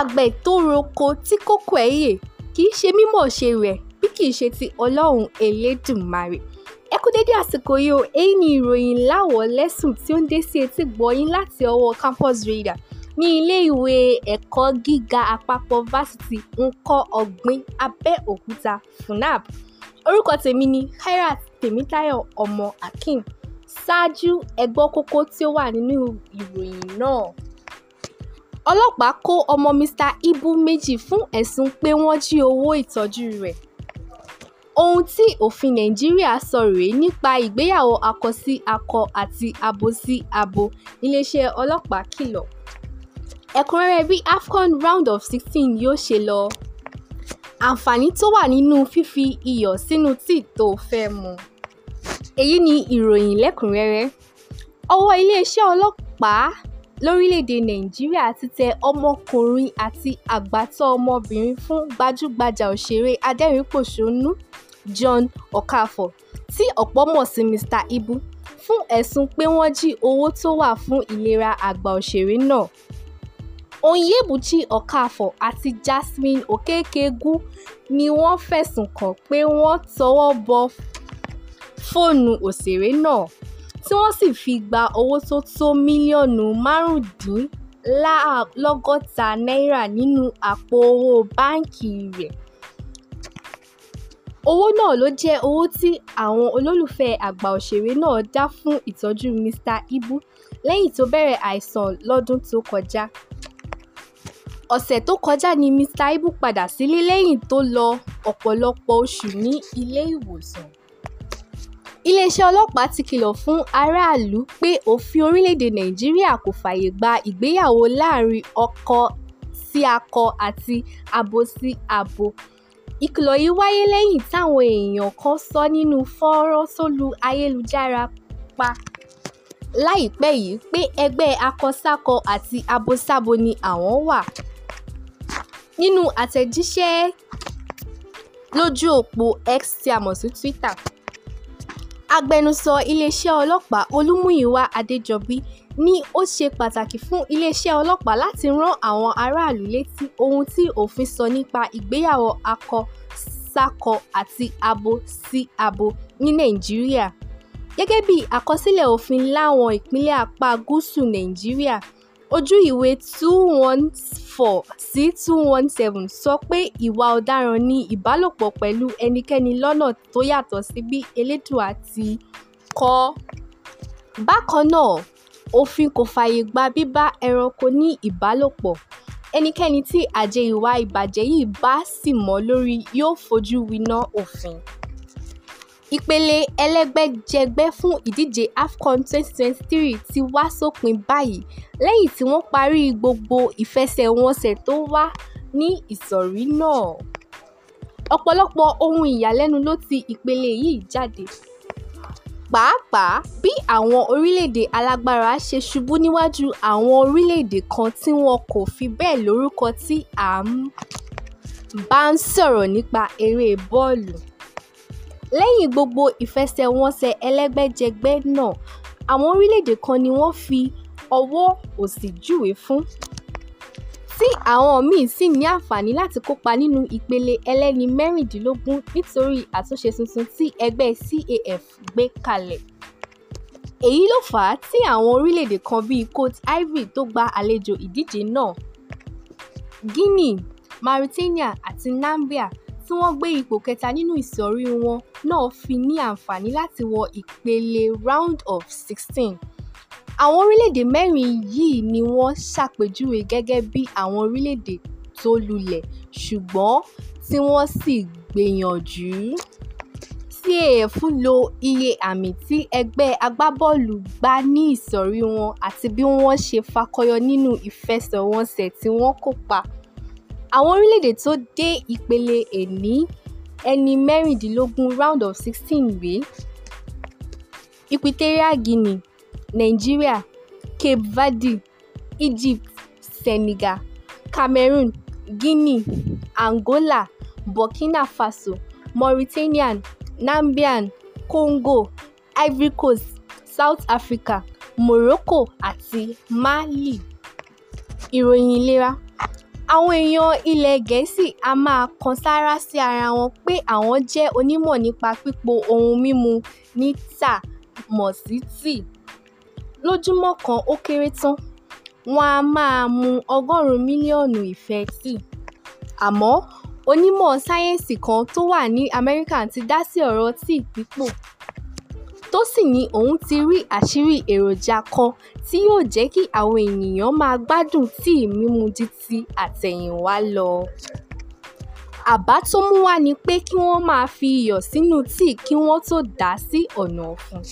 agbẹ̀tọ́rò kan tí kókó ẹ̀ yè kì í ṣe mímọ̀ ṣe rẹ̀ bí kì í ṣe ti ọlọ́run elédùnmarè ẹ kú dédé àsìkò yìí o èyí ni ìròyìn láwọ̀ lẹ́sùn tí ó ń dé sí etí gbọ̀yìn láti ọwọ́ campus radar ní ilé ìwé ẹ̀kọ́ gíga àpapọ̀ fásitì ńkọ́ ọ̀gbìn abẹ́òkúta funab orúkọ tèmi ni khairat tèmítáyọ̀ ọmọ akeem ṣáájú ẹgbọ́ kókó tí ó wà nínú ìròyìn náà ọlọ́pàá kó ọmọ mr ibu méjì fún ẹ̀sùn pé wọ́n jí owó ìtọ́jú rẹ̀ ohun tí òfin nàìjíríà sọ rèé nípa ìgbéyàwó akọ-sí-akọ àti abo-sí-abo iléeṣẹ́ ọlọ́pàá kìlọ̀ ẹ̀kúnrẹ́rẹ́ bí afcon round of sixteen yóò ṣe lọ àǹfààní tó wà nínú fífi iyọ̀ sínú tíì tó fẹ́ mu èyí ni ìròyìn lẹ́kùnrẹ́rẹ́ ọwọ́ iléeṣẹ́ ọlọ́pàá lórílẹ̀-èdè Nàìjíríà ti tẹ ọmọkùnrin àti àgbàtọ́-ọmọbìnrin fún gbajúgbajà òṣèré adẹ́rìn-ín-pòṣónú John Okafor tí ọ̀pọ̀ mọ̀ sí Mr Ibu fún ẹ̀sùn pé wọ́n jí owó tó wà fún ìlera àgbà òṣèré náà. Onyebuchi Okafor àti Jasmine Okekegwu ni wọ́n fẹ̀sùn kàn pé wọ́n tọwọ́ bọ fóònù òṣèré náà tí wọ́n sì fi gba owó tó tó mílíọ̀nù márùndínláàádọ́gọ́ta náírà nínú àpò-owó báǹkì rẹ̀. Owó náà ló jẹ́ owó tí àwọn olólùfẹ́ àgbà òṣèré náà dá fún ìtọ́jú Mr Ibu lẹ́yìn tó bẹ̀rẹ̀ àìsàn lọ́dún tó kọjá. Ọ̀sẹ̀ tó kọjá ni Mr Ibu padà sílé lẹ́yìn tó lo ọ̀pọ̀lọpọ̀ oṣù ní ilé-ìwòsàn iléeṣẹ́ ọlọ́pàá ti kìlọ̀ fún aráàlú pé òfin orílẹ̀-èdè nàìjíríà kò fààyè gba ìgbéyàwó láàrin ọkọ sí akọ àti abo sí abo ìkìlọ̀ yìí wáyé lẹ́yìn táwọn èèyàn kan sọ nínú fọ́nrán tó ayélujára pa láìpẹ́ yìí pé ẹgbẹ́ akọsákọ àti abosábo ni àwọn wà nínú àtẹ̀jíṣẹ́ lójú òpó X tí a mọ̀ sí Twitter agbẹnusọ iléeṣẹ́ ọlọ́pàá olùmúyíwá àdéjọ́bí ni ó ṣe pàtàkì fún iléeṣẹ́ ọlọ́pàá láti rán àwọn aráàlú létí ohun tí òfin sọ nípa ìgbéyàwó akọ-sákọ àti abo-sí-abo ní nàìjíríà gẹ́gẹ́ bí àkọsílẹ̀ òfin láwọn ìpínlẹ̀ apá gúúsù nàìjíríà ojú ìwé two one four sí two one seven sọ pé ìwà ọ̀daràn ni ìbálòpọ̀ pẹ̀lú ẹnikẹ́ni lọ́nà tó yàtọ̀ sí bí elédùà ti kọ ọ́. bákan náà òfin kò fààyè gba bíbá ẹranko ní ìbálòpọ̀ ẹnikẹ́ni tí àjẹ́ ìwà ìbàjẹ́ yìí bá sì mọ́ lórí yóò fojú winá òfin. Ìpele ẹlẹ́gbẹ́jẹgbẹ́ fún ìdíje AFCON 2023 ti wá sópin báyìí lẹ́yìn tí wọ́n parí gbogbo ìfẹsẹ̀wọnsẹ̀ tó wà ní ìsọ̀rí náà. Ọ̀pọ̀lọpọ̀ ohun ìyàlẹ́nu ló ti ìpele yìí jáde, pàápàá bí àwọn orílẹ̀-èdè alágbára ṣe ṣubú níwájú àwọn orílẹ̀-èdè kan tí wọn kò fi bẹ́ẹ̀ lórúkọ tí a bá ń sọ̀rọ̀ nípa eré bọ́ọ̀lù. Lẹ́yìn gbogbo ìfẹsẹ̀wọnsẹ̀ ẹlẹ́gbẹ́jẹgbẹ́ náà, àwọn orílẹ̀-èdè kan ni wọ́n fi ọwọ́ òsì júwe fún, tí àwọn míì sì ní àǹfààní láti kópa nínú ìpele ẹlẹ́ni mẹ́rìndínlógún nítorí àtúnṣe tuntun tí ẹgbẹ́ CAF gbé kalẹ̀. Èyí ló fà á tí àwọn orílẹ̀-èdè kan bíi Cote d'Ivoire tó gba àlejò ìdíje náà, Guinea, Mauritania àti Namibia tí wọ́n gbé ipò kẹta nínú ìsọ̀rí wọn náà fi ní àǹfààní láti wọ ìpele Round of sixteen. Àwọn orílẹ̀-èdè mẹ́rin yìí ni wọ́n ṣàpèjúwe gẹ́gẹ́ bí àwọn orílẹ̀-èdè tó lulẹ̀ ṣùgbọ́n tí wọ́n sì gbìyànjú. CAF lo iye àmì tí ẹgbẹ́ agbábọ́ọ̀lù gbà ní ìsọ̀rí wọn àti bí wọ́n ṣe fakọyọ nínú ìfẹsẹ̀wọnsẹ̀ tí wọ́n kópa. Àwọn orílẹ̀-èdè tó dé ipele ẹni ẹni mẹ́rìndínlógún (Round of sixteen rèé: Equatorial Guinea, Nigeria, Cape Verde, Egypt, Senegal, Cameroon, Guinea, Angola, Burkina Faso, Mauritania, Namibia, Congo, Ivory Coast, South Africa, Morocco àti Mali. Ìròyìn ìlera Àwọn èèyàn ilẹ̀ Gẹ̀ẹ́sì a máa kan sáárá sí ara wọn pé àwọn jẹ́ onímọ̀ nípa pípo ohun mímu ní tà mọ́ sí tíì. Lójúmọ́ kan ó kéré tán, wọ́n á máa mu ọgọ́rùn-ún mílíọ̀nù ife tíì. Àmọ́ onímọ̀ sáyẹ́ǹsì kan tó wà ní Amẹ́ríkà ti dásí ọ̀rọ̀ tíì pípò tó sì ní òun ti rí àṣírí èròjà kan tí yóò jẹ́ kí àwọn ènìyàn máa gbádùn tíì mímu ju ti àtẹ̀yìnwá lọ. Àbá tó mú wá ni pé kí wọ́n máa fi iyọ̀ sínú tíì kí wọ́n tó dà á sí ọ̀nà ọ̀fun.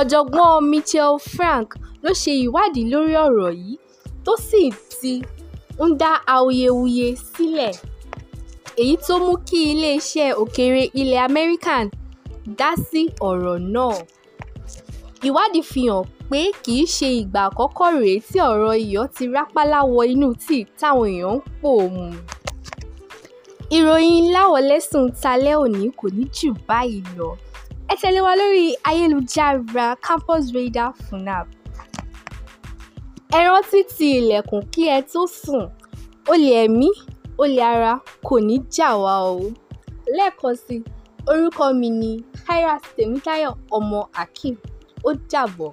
Ọ̀jọ̀gbọ́n Michel Frank ló ṣe ìwádìí lórí ọ̀rọ̀ yìí tó sì ti ń dá awuyewuye sílẹ̀ èyí tó mú kí iléeṣẹ́ òkèèrè ilẹ̀ American dá sí ọ̀rọ̀ náà. Ìwádìí fi hàn pé kì í ṣe ìgbà àkọ́kọ́ rèé tí ọ̀rọ̀ iyọ̀ ti rápálá wọ inú tíì táwọn èèyàn ń pò mu. Ìròyìn láwọlẹ́sùn tálẹ́ òní kò ní jù báyìí lọ. Ẹ tẹ̀lé wa lórí ayélujára Campus Radar FUNAB. Ẹ rántí ti ilẹ̀kùn kí ẹ tó sùn. Olè ẹ̀mí, olè ara kò ní jà wá o. Lẹ́ẹ̀kan sí i. Orúkọ mi ni Kairat Tèmítáyọ̀ Ọmọ Akeem. Ó dàbọ̀.